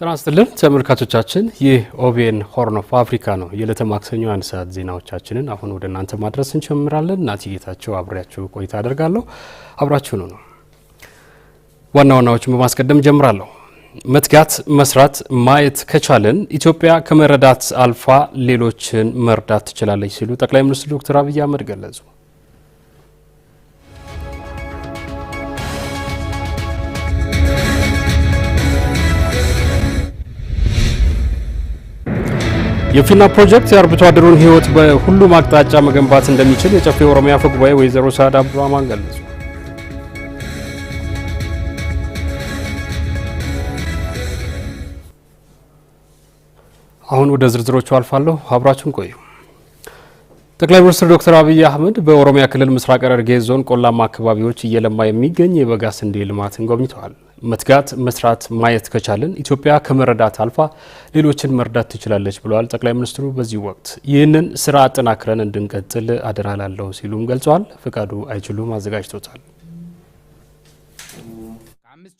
ጤና ተመልካቾቻችን፣ ይህ ኦቢኤን ሆርን ኦፍ አፍሪካ ነው። የዕለተ ማክሰኞ አንድ ሰዓት ዜናዎቻችንን አሁን ወደ እናንተ ማድረስ እንጀምራለን። እናት ጌታቸው አብሬያችሁ ቆይታ አደርጋለሁ። አብራችሁኑ ነው። ዋና ዋናዎችን በማስቀደም ጀምራለሁ። መትጋት፣ መስራት፣ ማየት ከቻለን ኢትዮጵያ ከመረዳት አልፋ ሌሎችን መርዳት ትችላለች ሲሉ ጠቅላይ ሚኒስትር ዶክተር አብይ አህመድ ገለጹ። የፊና ፕሮጀክት የአርብቶ አደሩን ህይወት በሁሉም አቅጣጫ መገንባት እንደሚችል የጨፌ ኦሮሚያ አፈ ጉባኤ ወይዘሮ ሳዳ አብዱራማን ገለጹ። አሁን ወደ ዝርዝሮቹ አልፋለሁ፣ አብራችን ቆዩ። ጠቅላይ ሚኒስትር ዶክተር አብይ አህመድ በኦሮሚያ ክልል ምስራቅ ሐረርጌ ዞን ቆላማ አካባቢዎች እየለማ የሚገኝ የበጋ ስንዴ ልማትን ጎብኝተዋል። መትጋት፣ መስራት፣ ማየት ከቻልን ኢትዮጵያ ከመረዳት አልፋ ሌሎችን መርዳት ትችላለች ብለዋል ጠቅላይ ሚኒስትሩ። በዚህ ወቅት ይህንን ስራ አጠናክረን እንድንቀጥል አደራላለሁ ሲሉም ገልጸዋል። ፍቃዱ አይችሉም አዘጋጅቶታል።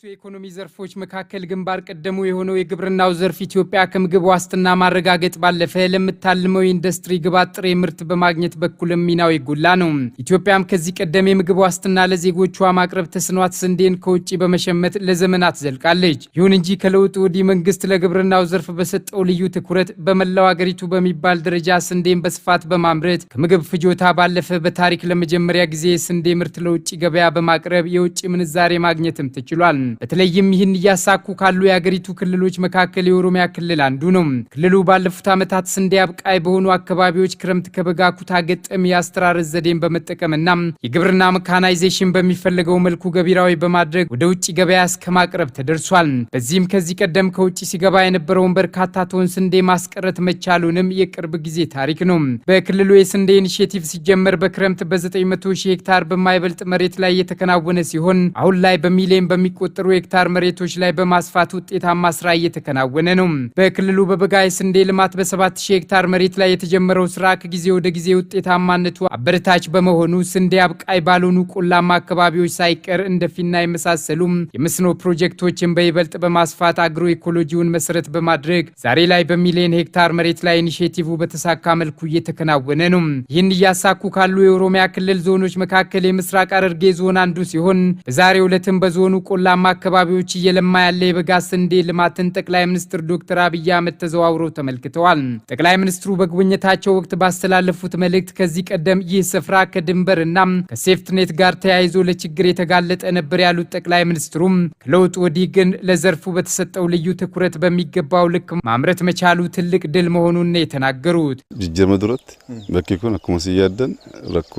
ከአምስቱ የኢኮኖሚ ዘርፎች መካከል ግንባር ቀደሙ የሆነው የግብርናው ዘርፍ ኢትዮጵያ ከምግብ ዋስትና ማረጋገጥ ባለፈ ለምታልመው የኢንዱስትሪ ግብዓት ጥሬ ምርት በማግኘት በኩልም ሚናው የጎላ ነው። ኢትዮጵያም ከዚህ ቀደም የምግብ ዋስትና ለዜጎቿ ማቅረብ ተስኗት ስንዴን ከውጭ በመሸመት ለዘመናት ዘልቃለች። ይሁን እንጂ ከለውጡ ወዲህ መንግስት ለግብርናው ዘርፍ በሰጠው ልዩ ትኩረት በመላው አገሪቱ በሚባል ደረጃ ስንዴን በስፋት በማምረት ከምግብ ፍጆታ ባለፈ በታሪክ ለመጀመሪያ ጊዜ ስንዴ ምርት ለውጭ ገበያ በማቅረብ የውጭ ምንዛሬ ማግኘትም ተችሏል። በተለይም ይህን እያሳኩ ካሉ የአገሪቱ ክልሎች መካከል የኦሮሚያ ክልል አንዱ ነው። ክልሉ ባለፉት ዓመታት ስንዴ አብቃይ በሆኑ አካባቢዎች ክረምት ከበጋ ኩታ ገጠም የአስተራረስ ዘዴን በመጠቀምና የግብርና መካናይዜሽን በሚፈለገው መልኩ ገቢራዊ በማድረግ ወደ ውጭ ገበያ እስከ ማቅረብ ተደርሷል። በዚህም ከዚህ ቀደም ከውጭ ሲገባ የነበረውን በርካታ ቶን ስንዴ ማስቀረት መቻሉንም የቅርብ ጊዜ ታሪክ ነው። በክልሉ የስንዴ ኢኒሽቲቭ ሲጀመር በክረምት በ900 ሺህ ሄክታር በማይበልጥ መሬት ላይ የተከናወነ ሲሆን አሁን ላይ በሚሊዮን በሚቆጠ በሚቆጠሩ ሄክታር መሬቶች ላይ በማስፋት ውጤታማ ስራ እየተከናወነ ነው። በክልሉ በበጋ የስንዴ ልማት በ7000 ሄክታር መሬት ላይ የተጀመረው ስራ ከጊዜ ወደ ጊዜ ውጤታማነቱ አበረታች በመሆኑ ስንዴ አብቃይ ባልሆኑ ቆላማ አካባቢዎች ሳይቀር እንደፊና የመሳሰሉ የመስኖ ፕሮጀክቶችን በይበልጥ በማስፋት አግሮ ኢኮሎጂውን መሰረት በማድረግ ዛሬ ላይ በሚሊዮን ሄክታር መሬት ላይ ኢኒሽቲቭ በተሳካ መልኩ እየተከናወነ ነው። ይህን እያሳኩ ካሉ የኦሮሚያ ክልል ዞኖች መካከል የምስራቅ ሐረርጌ ዞን አንዱ ሲሆን በዛሬው ዕለትም በዞኑ ቆላማ አካባቢዎች እየለማ ያለ የበጋ ስንዴ ልማትን ጠቅላይ ሚኒስትር ዶክተር አብይ አህመድ ተዘዋውረው ተመልክተዋል። ጠቅላይ ሚኒስትሩ በጉብኝታቸው ወቅት ባስተላለፉት መልእክት ከዚህ ቀደም ይህ ስፍራ ከድንበር እና ከሴፍትኔት ጋር ተያይዞ ለችግር የተጋለጠ ነበር ያሉት ጠቅላይ ሚኒስትሩም ከለውጥ ወዲህ ግን ለዘርፉ በተሰጠው ልዩ ትኩረት በሚገባው ልክ ማምረት መቻሉ ትልቅ ድል መሆኑን ነው የተናገሩት። ጅጀመ ዱረት በኪኩን አኩመ ረኩ ረኮ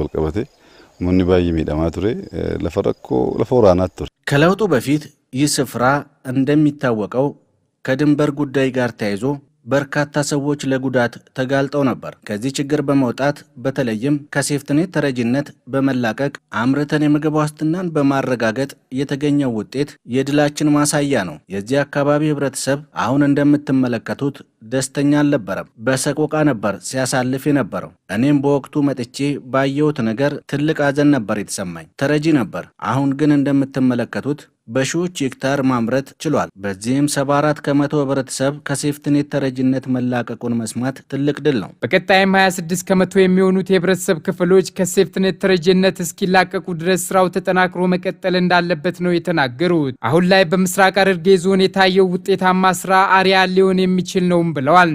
ወልቀበቴ ሙኒ ባይ ሚዳማ ቱሬ ለፈረኮ ለፎራናት ቱሬ ከለውጡ በፊት ይህ ስፍራ እንደሚታወቀው ከድንበር ጉዳይ ጋር ተያይዞ በርካታ ሰዎች ለጉዳት ተጋልጠው ነበር። ከዚህ ችግር በመውጣት በተለይም ከሴፍትኔት ተረጂነት በመላቀቅ አምርተን የምግብ ዋስትናን በማረጋገጥ የተገኘው ውጤት የድላችን ማሳያ ነው። የዚህ አካባቢ ህብረተሰብ አሁን እንደምትመለከቱት ደስተኛ አልነበረም። በሰቆቃ ነበር ሲያሳልፍ የነበረው። እኔም በወቅቱ መጥቼ ባየሁት ነገር ትልቅ አዘን ነበር የተሰማኝ። ተረጂ ነበር። አሁን ግን እንደምትመለከቱት በሺዎች ሄክታር ማምረት ችሏል። በዚህም 74 ከመቶ ህብረተሰብ ከሴፍትኔት ተረጅነት መላቀቁን መስማት ትልቅ ድል ነው። በቀጣይም 26 ከመቶ የሚሆኑት የህብረተሰብ ክፍሎች ከሴፍትኔት ተረጅነት እስኪላቀቁ ድረስ ስራው ተጠናክሮ መቀጠል እንዳለበት ነው የተናገሩት። አሁን ላይ በምስራቅ ሐረርጌ ዞን የታየው ውጤታማ ስራ አርአያ ሊሆን የሚችል ነውም ብለዋል።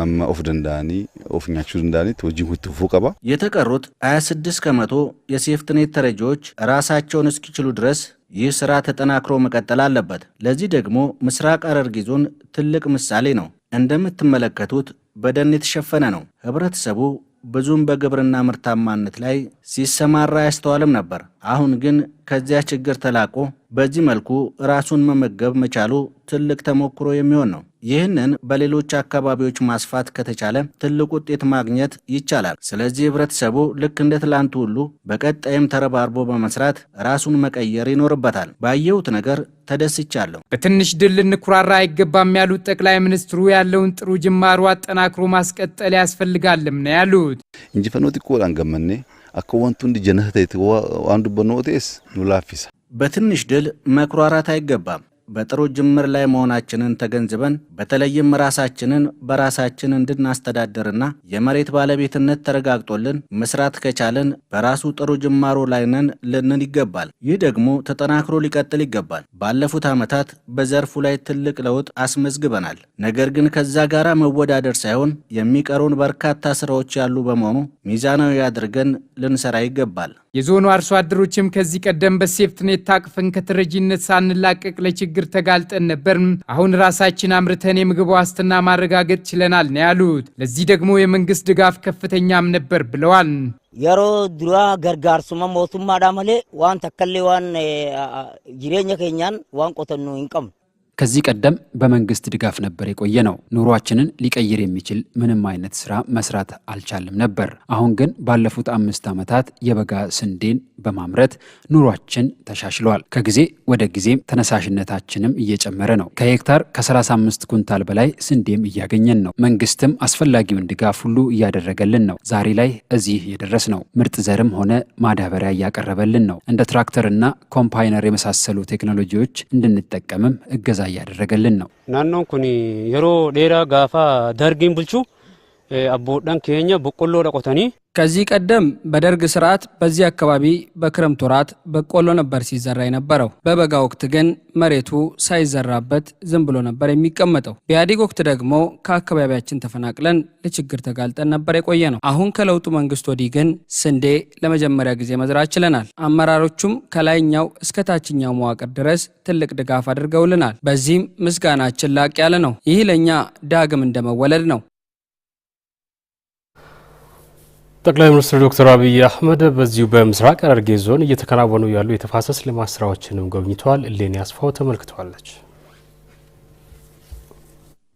አማ ኦፍ ደንዳኒ ኦፍኛቹ ደንዳኒ ወጂን ሁትፎ ቀባ የተቀሩት 26 ከመቶ የሴፍትኔት ተረጂዎች ራሳቸውን እስኪችሉ ድረስ ይህ ስራ ተጠናክሮ መቀጠል አለበት። ለዚህ ደግሞ ምስራቅ ሐረርጌ ዞን ትልቅ ምሳሌ ነው። እንደምትመለከቱት በደን የተሸፈነ ነው። ህብረተሰቡ ብዙም በግብርና ምርታማነት ላይ ሲሰማራ አያስተዋልም ነበር። አሁን ግን ከዚያ ችግር ተላቆ በዚህ መልኩ ራሱን መመገብ መቻሉ ትልቅ ተሞክሮ የሚሆን ነው። ይህንን በሌሎች አካባቢዎች ማስፋት ከተቻለ ትልቅ ውጤት ማግኘት ይቻላል። ስለዚህ ህብረተሰቡ ልክ እንደ ትላንቱ ሁሉ በቀጣይም ተረባርቦ በመስራት ራሱን መቀየር ይኖርበታል። ባየሁት ነገር ተደስቻለሁ። በትንሽ ድል ልንኩራራ አይገባም ያሉት ጠቅላይ ሚኒስትሩ ያለውን ጥሩ ጅማሩ አጠናክሮ ማስቀጠል ያስፈልጋልም ነው ያሉት። እንጅፈኖት ይቆላን ገመኔ አከወንቱ እንዲጀነህተ አንዱ በኖቴስ ኑላፊሳ በትንሽ ድል መኩራራት አይገባም በጥሩ ጅምር ላይ መሆናችንን ተገንዝበን በተለይም ራሳችንን በራሳችን እንድናስተዳድርና የመሬት ባለቤትነት ተረጋግጦልን መስራት ከቻልን በራሱ ጥሩ ጅማሮ ላይ ነን ይገባል። ይህ ደግሞ ተጠናክሮ ሊቀጥል ይገባል። ባለፉት ዓመታት በዘርፉ ላይ ትልቅ ለውጥ አስመዝግበናል። ነገር ግን ከዛ ጋራ መወዳደር ሳይሆን የሚቀሩን በርካታ ስራዎች ያሉ በመሆኑ ሚዛናዊ አድርገን ልንሰራ ይገባል። የዞኑ አርሶ አደሮችም ከዚህ ቀደም በሴፍትኔት ታቅፈን ከተረጂነት ሳንላቀቅ ለችግር ተጋልጠን ነበር። አሁን ራሳችን አምርተን የምግብ ዋስትና ማረጋገጥ ችለናል ነው ያሉት። ለዚህ ደግሞ የመንግስት ድጋፍ ከፍተኛም ነበር ብለዋል። የሮ ዱራ ገርጋርሱማ ሞቱማ ዳ መሌ ዋን ተከሌ ዋን ጅሬኛ ኬኛን ዋን ቆተኑ ይንቀም ከዚህ ቀደም በመንግስት ድጋፍ ነበር የቆየ ነው። ኑሯችንን ሊቀይር የሚችል ምንም አይነት ስራ መስራት አልቻልም ነበር። አሁን ግን ባለፉት አምስት ዓመታት የበጋ ስንዴን በማምረት ኑሯችን ተሻሽሏል። ከጊዜ ወደ ጊዜም ተነሳሽነታችንም እየጨመረ ነው። ከሄክታር ከ35 ኩንታል በላይ ስንዴም እያገኘን ነው። መንግስትም አስፈላጊውን ድጋፍ ሁሉ እያደረገልን ነው። ዛሬ ላይ እዚህ የደረስ ነው። ምርጥ ዘርም ሆነ ማዳበሪያ እያቀረበልን ነው። እንደ ትራክተርና ኮምፓይነር የመሳሰሉ ቴክኖሎጂዎች እንድንጠቀምም እገዛ እያደረገልን ነው። ናኖን ኩኒ የሮ ዴራ ጋፋ ዳርጊን ብልቹ አቦዳን ኬኛ በቆሎ ቆተኒ ከዚህ ቀደም በደርግ ስርዓት በዚህ አካባቢ በክረምት ወራት በቆሎ ነበር ሲዘራ የነበረው። በበጋ ወቅት ግን መሬቱ ሳይዘራበት ዝም ብሎ ነበር የሚቀመጠው። በኢህአዴግ ወቅት ደግሞ ከአካባቢያችን ተፈናቅለን ለችግር ተጋልጠን ነበር የቆየ ነው። አሁን ከለውጡ መንግስት ወዲህ ግን ስንዴ ለመጀመሪያ ጊዜ መዝራት ችለናል። አመራሮቹም ከላይኛው እስከ ታችኛው መዋቅር ድረስ ትልቅ ድጋፍ አድርገውልናል። በዚህም ምስጋናችን ላቅ ያለ ነው። ይህ ለእኛ ዳግም እንደመወለድ ነው። ጠቅላይ ሚኒስትር ዶክተር አብይ አህመድ በዚሁ በምስራቅ ሐረርጌ ዞን እየተከናወኑ ያሉ የተፋሰስ ልማት ስራዎችንም ጎብኝተዋል። እሌኒ አስፋው ተመልክተዋለች።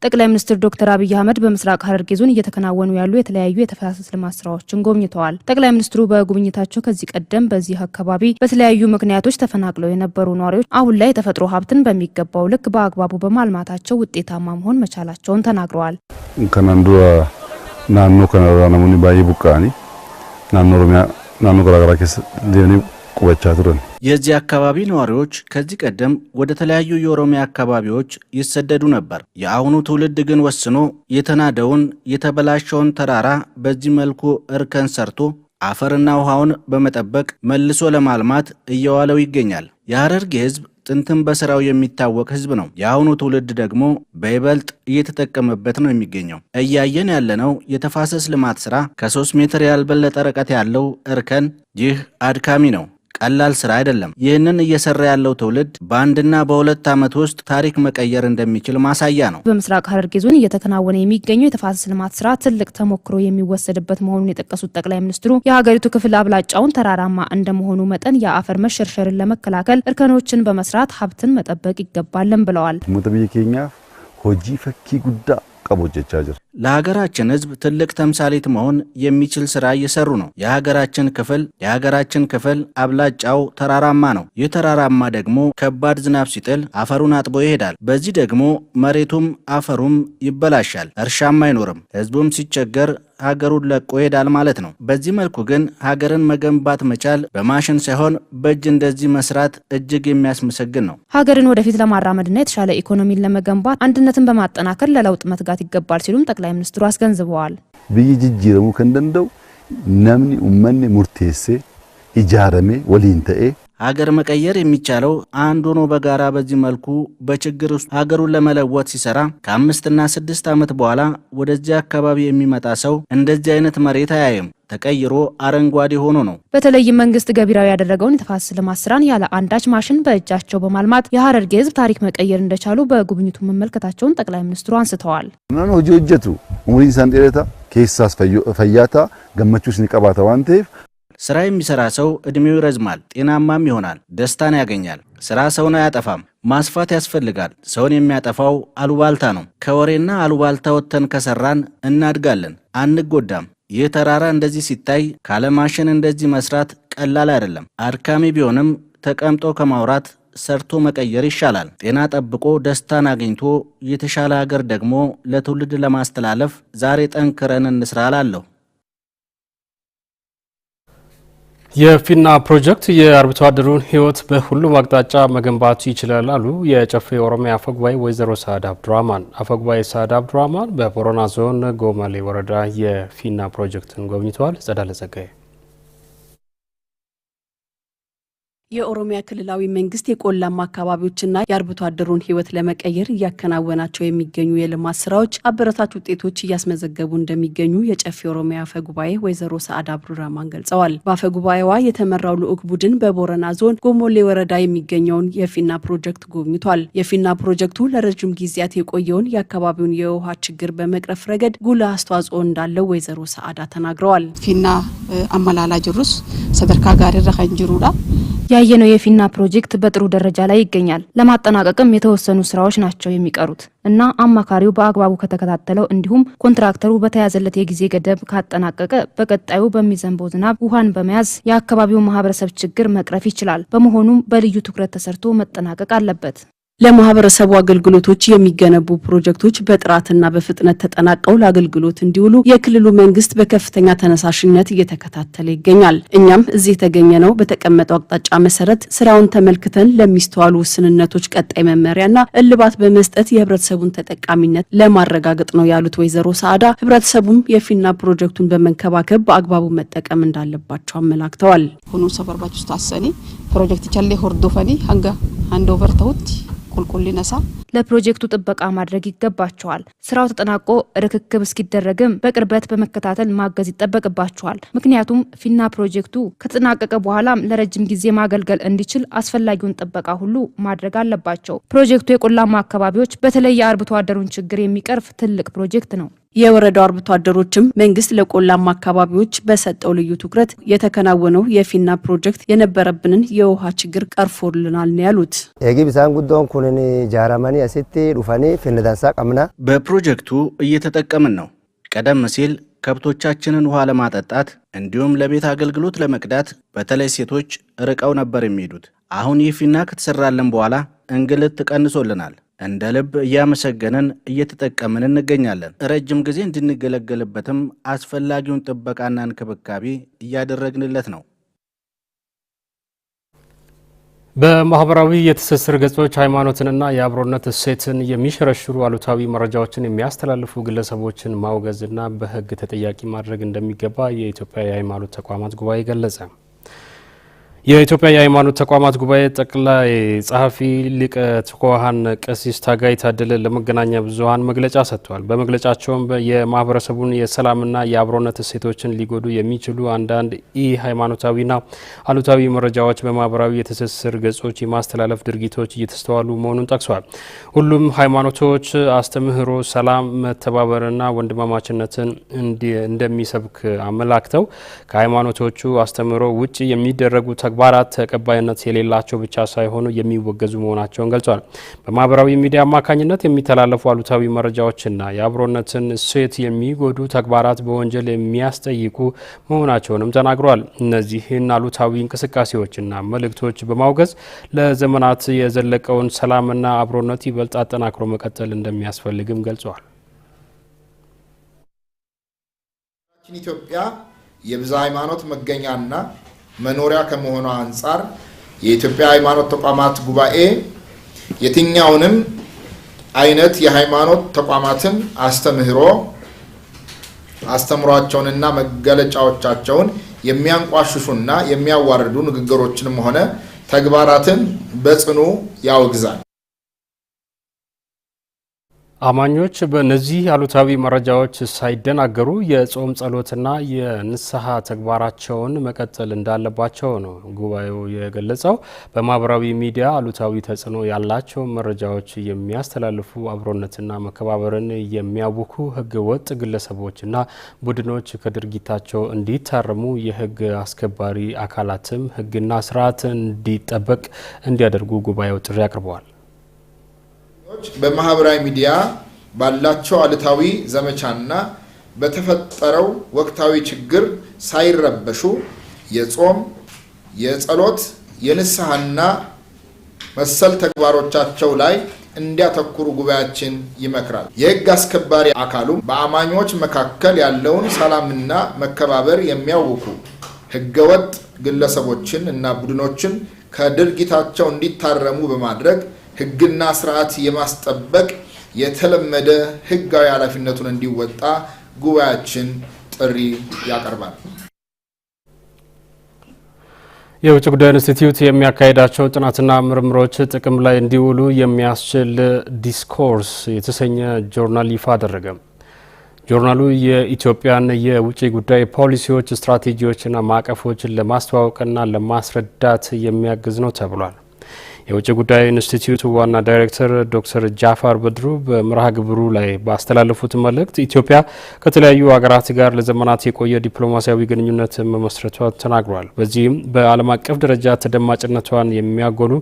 ጠቅላይ ሚኒስትር ዶክተር አብይ አህመድ በምስራቅ ሐረርጌ ዞን እየተከናወኑ ያሉ የተለያዩ የተፋሰስ ልማት ስራዎችን ጎብኝተዋል። ጠቅላይ ሚኒስትሩ በጉብኝታቸው ከዚህ ቀደም በዚህ አካባቢ በተለያዩ ምክንያቶች ተፈናቅለው የነበሩ ነዋሪዎች አሁን ላይ የተፈጥሮ ሀብትን በሚገባው ልክ በአግባቡ በማልማታቸው ውጤታማ መሆን መቻላቸውን ተናግረዋል። ከናንዱ naannoo kanarraa namoonni baay'ee buqqa'anii naannoo oromiyaa naannoo garaagaraa keessa deemanii qubachaa turan። የዚህ አካባቢ ነዋሪዎች ከዚህ ቀደም ወደ ተለያዩ የኦሮሚያ አካባቢዎች ይሰደዱ ነበር። የአሁኑ ትውልድ ግን ወስኖ የተናደውን የተበላሸውን ተራራ በዚህ መልኩ እርከን ሰርቶ አፈርና ውሃውን በመጠበቅ መልሶ ለማልማት እየዋለው ይገኛል። የሐረርጌ ሕዝብ ጥንትን በስራው የሚታወቅ ህዝብ ነው። የአሁኑ ትውልድ ደግሞ በይበልጥ እየተጠቀመበት ነው የሚገኘው። እያየን ያለነው የተፋሰስ ልማት ስራ ከሶስት ሜትር ያልበለጠ ርቀት ያለው እርከን፣ ይህ አድካሚ ነው። ቀላል ስራ አይደለም። ይህንን እየሰራ ያለው ትውልድ በአንድና በሁለት ዓመት ውስጥ ታሪክ መቀየር እንደሚችል ማሳያ ነው። በምስራቅ ሐረርጌ ዞን እየተከናወነ የሚገኘው የተፋሰስ ልማት ስራ ትልቅ ተሞክሮ የሚወሰድበት መሆኑን የጠቀሱት ጠቅላይ ሚኒስትሩ የሀገሪቱ ክፍል አብላጫውን ተራራማ እንደመሆኑ መጠን የአፈር መሸርሸርን ለመከላከል እርከኖችን በመስራት ሀብትን መጠበቅ ይገባልን ብለዋል። ሞተብዬ ኬኛ ሆጂ ፈኪ ጉዳ ቀቦጀቻ ጅር ለሀገራችን ህዝብ ትልቅ ተምሳሌት መሆን የሚችል ስራ እየሰሩ ነው። የሀገራችን ክፍል የሀገራችን ክፍል አብላጫው ተራራማ ነው። ይህ ተራራማ ደግሞ ከባድ ዝናብ ሲጥል አፈሩን አጥቦ ይሄዳል። በዚህ ደግሞ መሬቱም አፈሩም ይበላሻል፣ እርሻም አይኖርም። ህዝቡም ሲቸገር ሀገሩን ለቆ ይሄዳል ማለት ነው። በዚህ መልኩ ግን ሀገርን መገንባት መቻል በማሽን ሳይሆን በእጅ እንደዚህ መስራት እጅግ የሚያስመሰግን ነው። ሀገርን ወደፊት ለማራመድና የተሻለ ኢኮኖሚን ለመገንባት አንድነትን በማጠናከር ለለውጥ መትጋት ይገባል ሲሉም ጠቅላይ ሚኒስትሩ አስገንዝበዋል። ብይ ጅጅረሙ ከንደንደው ነምኒ ኡመኒ ሙርቴሴ ኢጃረሜ ወሊንተኤ ሀገር መቀየር የሚቻለው አንድ ሆኖ በጋራ በዚህ መልኩ በችግር ውስጥ ሀገሩን ለመለወጥ ሲሰራ ከአምስትና ስድስት ዓመት በኋላ ወደዚህ አካባቢ የሚመጣ ሰው እንደዚህ አይነት መሬት አያይም። ተቀይሮ አረንጓዴ ሆኖ ነው። በተለይም መንግስት ገቢራዊ ያደረገውን የተፋሰስ ልማት ስራን ያለ አንዳች ማሽን በእጃቸው በማልማት የሀረርጌ ህዝብ ታሪክ መቀየር እንደቻሉ በጉብኝቱ መመልከታቸውን ጠቅላይ ሚኒስትሩ አንስተዋል። ናኖ ሆጂ ሆጀቱ ኡምሪን ሳንጤሬታ ኬሳስ ፈያታ ገመቹስ ዋንቴፍ ስራ የሚሰራ ሰው እድሜው ይረዝማል፣ ጤናማም ይሆናል፣ ደስታን ያገኛል። ስራ ሰውን አያጠፋም። ማስፋት ያስፈልጋል። ሰውን የሚያጠፋው አሉባልታ ነው። ከወሬና አሉባልታ ወጥተን ከሰራን እናድጋለን፣ አንጎዳም። ይህ ተራራ እንደዚህ ሲታይ ካለማሽን እንደዚህ መስራት ቀላል አይደለም። አድካሚ ቢሆንም ተቀምጦ ከማውራት ሰርቶ መቀየር ይሻላል። ጤና ጠብቆ ደስታን አግኝቶ የተሻለ ሀገር ደግሞ ለትውልድ ለማስተላለፍ ዛሬ ጠንክረን እንስራ እላለሁ። የፊና ፕሮጀክት የአርብቶ አደሩን ህይወት በሁሉም አቅጣጫ መገንባት ይችላል አሉ የጨፌ ኦሮሚያ አፈጉባኤ ወይዘሮ ሳዕድ አብዱራማን አፈጉባኤ ሳዕድ አብዱራማን በቦረና ዞን ጎማሌ ወረዳ የፊና ፕሮጀክትን ጎብኝተዋል። ጸዳለ ጸጋዬ የኦሮሚያ ክልላዊ መንግስት የቆላማ አካባቢዎችና የአርብቶ አደሩን ሕይወት ለመቀየር እያከናወናቸው የሚገኙ የልማት ስራዎች አበረታች ውጤቶች እያስመዘገቡ እንደሚገኙ የጨፌ ኦሮሚያ አፈ ጉባኤ ወይዘሮ ሰአድ አብዱራማን ገልጸዋል። በአፈ ጉባኤዋ የተመራው ልዑክ ቡድን በቦረና ዞን ጎሞሌ ወረዳ የሚገኘውን የፊና ፕሮጀክት ጎብኝቷል። የፊና ፕሮጀክቱ ለረዥም ጊዜያት የቆየውን የአካባቢውን የውሃ ችግር በመቅረፍ ረገድ ጉልህ አስተዋጽኦ እንዳለው ወይዘሮ ሰዓዳ ተናግረዋል። ፊና አመላላጅ ሩስ ሰደርካ ጋር ከንጅሩዳ ያየነው የፊና ፕሮጀክት በጥሩ ደረጃ ላይ ይገኛል። ለማጠናቀቅም የተወሰኑ ስራዎች ናቸው የሚቀሩት እና አማካሪው በአግባቡ ከተከታተለው እንዲሁም ኮንትራክተሩ በተያዘለት የጊዜ ገደብ ካጠናቀቀ በቀጣዩ በሚዘንበው ዝናብ ውሃን በመያዝ የአካባቢው ማህበረሰብ ችግር መቅረፍ ይችላል። በመሆኑም በልዩ ትኩረት ተሰርቶ መጠናቀቅ አለበት። ለማህበረሰቡ አገልግሎቶች የሚገነቡ ፕሮጀክቶች በጥራትና በፍጥነት ተጠናቀው ለአገልግሎት እንዲውሉ የክልሉ መንግስት በከፍተኛ ተነሳሽነት እየተከታተለ ይገኛል። እኛም እዚህ የተገኘ ነው በተቀመጠው አቅጣጫ መሰረት ስራውን ተመልክተን ለሚስተዋሉ ውስንነቶች ቀጣይ መመሪያና እልባት በመስጠት የህብረተሰቡን ተጠቃሚነት ለማረጋገጥ ነው ያሉት ወይዘሮ ሰዓዳ ህብረተሰቡም የፊና ፕሮጀክቱን በመንከባከብ በአግባቡ መጠቀም እንዳለባቸው አመላክተዋል። ሁኑ ሰበርባች ውስጥ አሰኒ ፕሮጀክት ቻሌ ሆርዶፈኒ ሀንጋ አንድ ኦቨር ተውት ቁልቁል ሊነሳ ለፕሮጀክቱ ጥበቃ ማድረግ ይገባቸዋል። ስራው ተጠናቆ ርክክብ እስኪደረግም በቅርበት በመከታተል ማገዝ ይጠበቅባቸዋል። ምክንያቱም ፊና ፕሮጀክቱ ከተጠናቀቀ በኋላም ለረጅም ጊዜ ማገልገል እንዲችል አስፈላጊውን ጥበቃ ሁሉ ማድረግ አለባቸው። ፕሮጀክቱ የቆላማ አካባቢዎች በተለይ የአርብቶ አደሩን ችግር የሚቀርፍ ትልቅ ፕሮጀክት ነው። የወረዳው አርብቶ አደሮችም መንግስት ለቆላማ አካባቢዎች በሰጠው ልዩ ትኩረት የተከናወነው የፊና ፕሮጀክት የነበረብንን የውሃ ችግር ቀርፎልናል ያሉት። የጊብሳን ጉዶን ኩንን ጃራማኒ አሴቴ ዱፋኔ ፊነዳንሳ ቀምና በፕሮጀክቱ እየተጠቀምን ነው። ቀደም ሲል ከብቶቻችንን ውሃ ለማጠጣት እንዲሁም ለቤት አገልግሎት ለመቅዳት በተለይ ሴቶች ርቀው ነበር የሚሄዱት። አሁን ይህ ፊና ከተሰራለን በኋላ እንግልት ቀንሶልናል። እንደ ልብ እያመሰገንን እየተጠቀምን እንገኛለን። ረጅም ጊዜ እንድንገለገልበትም አስፈላጊውን ጥበቃና እንክብካቤ እያደረግንለት ነው። በማህበራዊ የትስስር ገጾች ሃይማኖትንና የአብሮነት እሴትን የሚሸረሽሩ አሉታዊ መረጃዎችን የሚያስተላልፉ ግለሰቦችን ማውገዝና በሕግ ተጠያቂ ማድረግ እንደሚገባ የኢትዮጵያ የሃይማኖት ተቋማት ጉባኤ ገለጸ። የኢትዮጵያ የሃይማኖት ተቋማት ጉባኤ ጠቅላይ ጸሐፊ ሊቀ ትጉሃን ቀሲስ ታጋይ ታደለ ለመገናኛ ብዙኃን መግለጫ ሰጥተዋል። በመግለጫቸውም የማህበረሰቡን የሰላምና የአብሮነት እሴቶችን ሊጎዱ የሚችሉ አንዳንድ ኢ ሃይማኖታዊና አሉታዊ መረጃዎች በማህበራዊ የትስስር ገጾች የማስተላለፍ ድርጊቶች እየተስተዋሉ መሆኑን ጠቅሰዋል። ሁሉም ሃይማኖቶች አስተምህሮ ሰላም፣ መተባበርና ወንድማማችነትን እንደሚሰብክ አመላክተው ከሃይማኖቶቹ አስተምህሮ ውጭ የሚደረጉ ተግባራት ተቀባይነት የሌላቸው ብቻ ሳይሆኑ የሚወገዙ መሆናቸውን ገልጿል። በማህበራዊ ሚዲያ አማካኝነት የሚተላለፉ አሉታዊ መረጃዎችና የአብሮነትን እሴት የሚጎዱ ተግባራት በወንጀል የሚያስጠይቁ መሆናቸውንም ተናግረዋል። እነዚህን አሉታዊ እንቅስቃሴዎችና መልእክቶች በማውገዝ ለዘመናት የዘለቀውን ሰላምና አብሮነት ይበልጥ አጠናክሮ መቀጠል እንደሚያስፈልግም ገልጿል። ኢትዮጵያ የብዝሃ ሃይማኖት መገኛና መኖሪያ ከመሆኗ አንጻር የኢትዮጵያ ሃይማኖት ተቋማት ጉባኤ የትኛውንም አይነት የሃይማኖት ተቋማትን አስተምህሮ አስተምሯቸውንና መገለጫዎቻቸውን የሚያንቋሽሹና የሚያዋርዱ ንግግሮችንም ሆነ ተግባራትን በጽኑ ያወግዛል። አማኞች በእነዚህ አሉታዊ መረጃዎች ሳይደናገሩ የጾም ጸሎትና የንስሐ ተግባራቸውን መቀጠል እንዳለባቸው ነው ጉባኤው የገለጸው። በማህበራዊ ሚዲያ አሉታዊ ተጽዕኖ ያላቸው መረጃዎች የሚያስተላልፉ አብሮነትና መከባበርን የሚያውኩ ህገወጥ ግለሰቦችና ቡድኖች ከድርጊታቸው እንዲታረሙ የህግ አስከባሪ አካላትም ህግና ስርዓት እንዲጠበቅ እንዲያደርጉ ጉባኤው ጥሪ አቅርበዋል። በማህበራዊ ሚዲያ ባላቸው አሉታዊ ዘመቻና በተፈጠረው ወቅታዊ ችግር ሳይረበሹ የጾም፣ የጸሎት፣ የንስሐና መሰል ተግባሮቻቸው ላይ እንዲያተኩሩ ጉባኤያችን ይመክራል። የህግ አስከባሪ አካሉም በአማኞች መካከል ያለውን ሰላምና መከባበር የሚያውኩ ህገወጥ ግለሰቦችን እና ቡድኖችን ከድርጊታቸው እንዲታረሙ በማድረግ ህግና ስርዓት የማስጠበቅ የተለመደ ህጋዊ ኃላፊነቱን እንዲወጣ ጉባኤያችን ጥሪ ያቀርባል። የውጭ ጉዳይ ኢንስቲትዩት የሚያካሄዳቸው ጥናትና ምርምሮች ጥቅም ላይ እንዲውሉ የሚያስችል ዲስኮርስ የተሰኘ ጆርናል ይፋ አደረገ። ጆርናሉ የኢትዮጵያን የውጭ ጉዳይ ፖሊሲዎች፣ ስትራቴጂዎችና ማዕቀፎችን ለማስተዋወቅና ለማስረዳት የሚያግዝ ነው ተብሏል። የውጭ ጉዳይ ኢንስቲትዩት ዋና ዳይሬክተር ዶክተር ጃፋር በድሩ በመርሃ ግብሩ ላይ ባስተላለፉት መልእክት ኢትዮጵያ ከተለያዩ ሀገራት ጋር ለዘመናት የቆየ ዲፕሎማሲያዊ ግንኙነት መመስረቷን ተናግሯል። በዚህም በዓለም አቀፍ ደረጃ ተደማጭነቷን የሚያጎሉ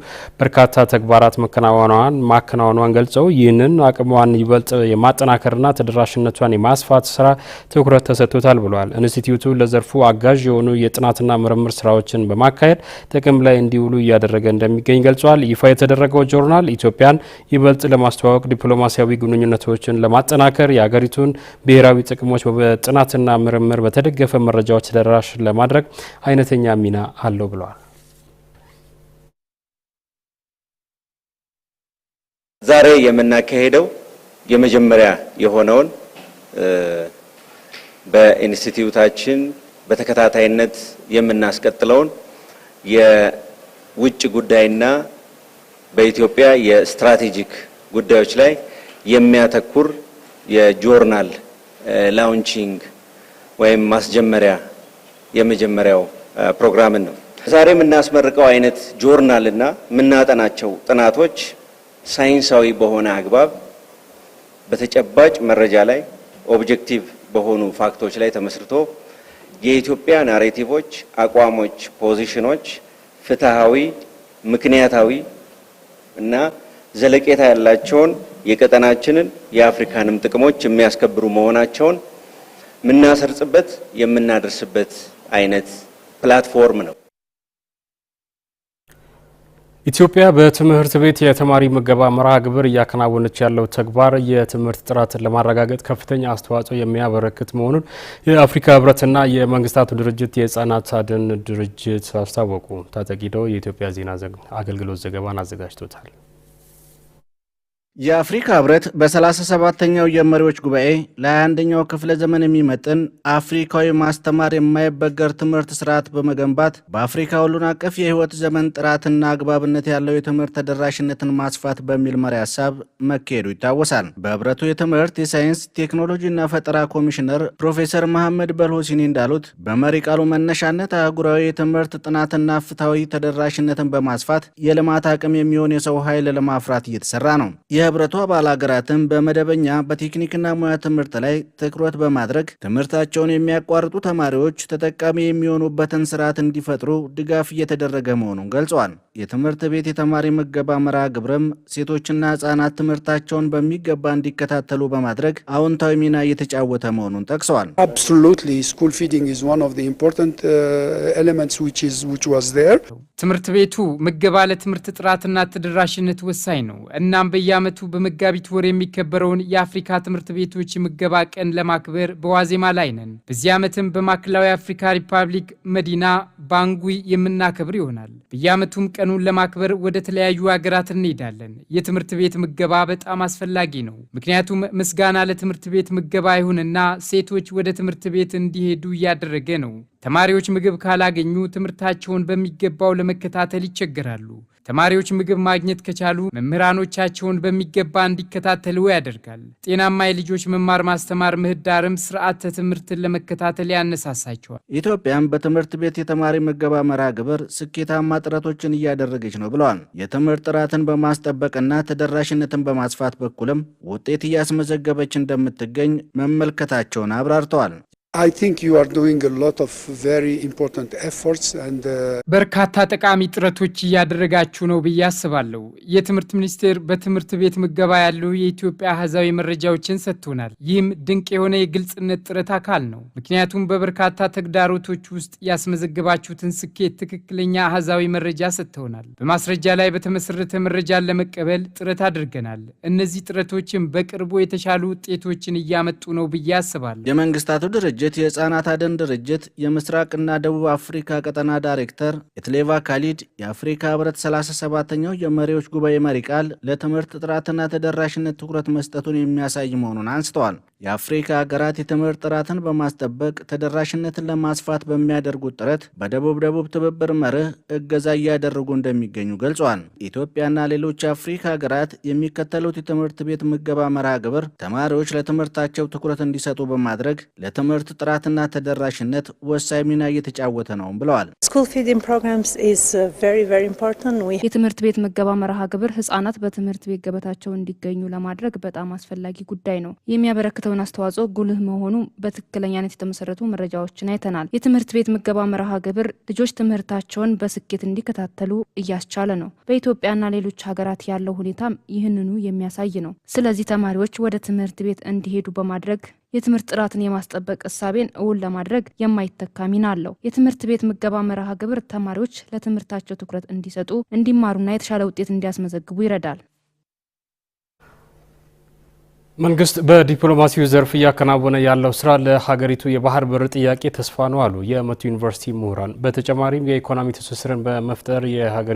በርካታ ተግባራት መከናወኗን ማከናወኗን ገልጸው ይህንን አቅሟን ይበልጥ የማጠናከርና ተደራሽነቷን የማስፋት ስራ ትኩረት ተሰጥቶታል ብለዋል። ኢንስቲትዩቱ ለዘርፉ አጋዥ የሆኑ የጥናትና ምርምር ስራዎችን በማካሄድ ጥቅም ላይ እንዲውሉ እያደረገ እንደሚገኝ ገልጿል። ገልጿል። ይፋ የተደረገው ጆርናል ኢትዮጵያን ይበልጥ ለማስተዋወቅ ዲፕሎማሲያዊ ግንኙነቶችን ለማጠናከር የሀገሪቱን ብሔራዊ ጥቅሞች በጥናትና ምርምር በተደገፈ መረጃዎች ተደራሽ ለማድረግ አይነተኛ ሚና አለው ብለዋል። ዛሬ የምናካሄደው የመጀመሪያ የሆነውን በኢንስቲትዩታችን በተከታታይነት የምናስቀጥለውን የውጭ ጉዳይና በኢትዮጵያ የስትራቴጂክ ጉዳዮች ላይ የሚያተኩር የጆርናል ላውንቺንግ ወይም ማስጀመሪያ የመጀመሪያው ፕሮግራምን ነው። ዛሬ የምናስመርቀው አይነት ጆርናል እና የምናጠናቸው ጥናቶች ሳይንሳዊ በሆነ አግባብ በተጨባጭ መረጃ ላይ ኦብጀክቲቭ በሆኑ ፋክቶች ላይ ተመስርቶ የኢትዮጵያ ናሬቲቮች፣ አቋሞች፣ ፖዚሽኖች ፍትሃዊ ምክንያታዊ እና ዘለቄታ ያላቸውን የቀጠናችንን የአፍሪካንም ጥቅሞች የሚያስከብሩ መሆናቸውን የምናሰርጽበት የምናደርስበት አይነት ፕላትፎርም ነው። ኢትዮጵያ በትምህርት ቤት የተማሪ ምገባ መርሃ ግብር እያከናወነች ያለው ተግባር የትምህርት ጥራትን ለማረጋገጥ ከፍተኛ አስተዋጽኦ የሚያበረክት መሆኑን የአፍሪካ ሕብረትና የመንግስታቱ ድርጅት የህጻናት አድን ድርጅት አስታወቁ። ታጠቂደው የኢትዮጵያ ዜና አገልግሎት ዘገባን አዘጋጅቶታል። የአፍሪካ ህብረት በ37ኛው የመሪዎች ጉባኤ ለ21ኛው ክፍለ ዘመን የሚመጥን አፍሪካዊ ማስተማር የማይበገር ትምህርት ስርዓት በመገንባት በአፍሪካ ሁሉን አቀፍ የህይወት ዘመን ጥራትና አግባብነት ያለው የትምህርት ተደራሽነትን ማስፋት በሚል መሪ ሀሳብ መካሄዱ ይታወሳል። በህብረቱ የትምህርት የሳይንስ ቴክኖሎጂና ፈጠራ ኮሚሽነር ፕሮፌሰር መሐመድ በልሆሲኒ እንዳሉት በመሪ ቃሉ መነሻነት አህጉራዊ የትምህርት ጥናትና ፍትሐዊ ተደራሽነትን በማስፋት የልማት አቅም የሚሆን የሰው ኃይል ለማፍራት እየተሰራ ነው። የህብረቱ አባል ሀገራትም በመደበኛ በቴክኒክና ሙያ ትምህርት ላይ ትኩረት በማድረግ ትምህርታቸውን የሚያቋርጡ ተማሪዎች ተጠቃሚ የሚሆኑበትን ስርዓት እንዲፈጥሩ ድጋፍ እየተደረገ መሆኑን ገልጸዋል። የትምህርት ቤት የተማሪ ምገባ መርሃ ግብርም ሴቶችና ህጻናት ትምህርታቸውን በሚገባ እንዲከታተሉ በማድረግ አዎንታዊ ሚና እየተጫወተ መሆኑን ጠቅሰዋል። uh, ትምህርት ቤቱ ምገባ ለትምህርት ጥራትና ተደራሽነት ወሳኝ ነው። እናም በየዓመቱ በየዓመቱ በመጋቢት ወር የሚከበረውን የአፍሪካ ትምህርት ቤቶች ምገባ ቀን ለማክበር በዋዜማ ላይ ነን። በዚህ ዓመትም በማዕከላዊ አፍሪካ ሪፐብሊክ መዲና ባንጉይ የምናከብር ይሆናል። በየዓመቱም ቀኑን ለማክበር ወደ ተለያዩ ሀገራት እንሄዳለን። የትምህርት ቤት ምገባ በጣም አስፈላጊ ነው። ምክንያቱም ምስጋና ለትምህርት ቤት ምገባ ይሁንና ሴቶች ወደ ትምህርት ቤት እንዲሄዱ እያደረገ ነው። ተማሪዎች ምግብ ካላገኙ ትምህርታቸውን በሚገባው ለመከታተል ይቸገራሉ። ተማሪዎች ምግብ ማግኘት ከቻሉ መምህራኖቻቸውን በሚገባ እንዲከታተሉ ያደርጋል። ጤናማ የልጆች መማር ማስተማር ምህዳርም ስርዓተ ትምህርትን ለመከታተል ያነሳሳቸዋል። ኢትዮጵያም በትምህርት ቤት የተማሪ ምገባ መርሃ ግብር ስኬታማ ጥረቶችን እያደረገች ነው ብለዋል። የትምህርት ጥራትን በማስጠበቅና ተደራሽነትን በማስፋት በኩልም ውጤት እያስመዘገበች እንደምትገኝ መመልከታቸውን አብራርተዋል። በርካታ ጠቃሚ ጥረቶች እያደረጋችሁ ነው ብዬ አስባለሁ። የትምህርት ሚኒስቴር በትምህርት ቤት ምገባ ያሉ የኢትዮጵያ አህዛዊ መረጃዎችን ሰጥቶናል። ይህም ድንቅ የሆነ የግልጽነት ጥረት አካል ነው። ምክንያቱም በበርካታ ተግዳሮቶች ውስጥ ያስመዘግባችሁትን ስኬት ትክክለኛ አህዛዊ መረጃ ሰጥተውናል። በማስረጃ ላይ በተመሰረተ መረጃን ለመቀበል ጥረት አድርገናል። እነዚህ ጥረቶችም በቅርቡ የተሻሉ ውጤቶችን እያመጡ ነው ብዬ አስባለሁ። የመንግስታቱ ድርጅት ድርጅት የህፃናት አደን ድርጅት የምስራቅና ደቡብ አፍሪካ ቀጠና ዳይሬክተር የትሌቫ ካሊድ የአፍሪካ ህብረት 37ኛው የመሪዎች ጉባኤ መሪ ቃል ለትምህርት ጥራትና ተደራሽነት ትኩረት መስጠቱን የሚያሳይ መሆኑን አንስተዋል። የአፍሪካ ሀገራት የትምህርት ጥራትን በማስጠበቅ ተደራሽነትን ለማስፋት በሚያደርጉት ጥረት በደቡብ ደቡብ ትብብር መርህ እገዛ እያደረጉ እንደሚገኙ ገልጿል። ኢትዮጵያና ሌሎች የአፍሪካ ሀገራት የሚከተሉት የትምህርት ቤት ምገባ መርሃ ግብር ተማሪዎች ለትምህርታቸው ትኩረት እንዲሰጡ በማድረግ ለትምህርት ጥራትና ተደራሽነት ወሳኝ ሚና እየተጫወተ ነውም ብለዋል። uh, የትምህርት ቤት ምገባ መርሃ ግብር ህጻናት በትምህርት ቤት ገበታቸው እንዲገኙ ለማድረግ በጣም አስፈላጊ ጉዳይ ነው የሚያበረክተው ያላቸውን አስተዋጽኦ ጉልህ መሆኑ በትክክለኛነት የተመሰረቱ መረጃዎችን አይተናል። የትምህርት ቤት ምገባ መርሃ ግብር ልጆች ትምህርታቸውን በስኬት እንዲከታተሉ እያስቻለ ነው። በኢትዮጵያና ሌሎች ሀገራት ያለው ሁኔታም ይህንኑ የሚያሳይ ነው። ስለዚህ ተማሪዎች ወደ ትምህርት ቤት እንዲሄዱ በማድረግ የትምህርት ጥራትን የማስጠበቅ እሳቤን እውን ለማድረግ የማይተካ ሚና አለው። የትምህርት ቤት ምገባ መርሃ ግብር ተማሪዎች ለትምህርታቸው ትኩረት እንዲሰጡ፣ እንዲማሩና የተሻለ ውጤት እንዲያስመዘግቡ ይረዳል። መንግስት በዲፕሎማሲው ዘርፍ እያከናወነ ያለው ስራ ለሀገሪቱ የባህር በር ጥያቄ ተስፋ ነው አሉ የመቱ ዩኒቨርሲቲ ምሁራን። በተጨማሪም የኢኮኖሚ ትስስርን በመፍጠር የሀገሪ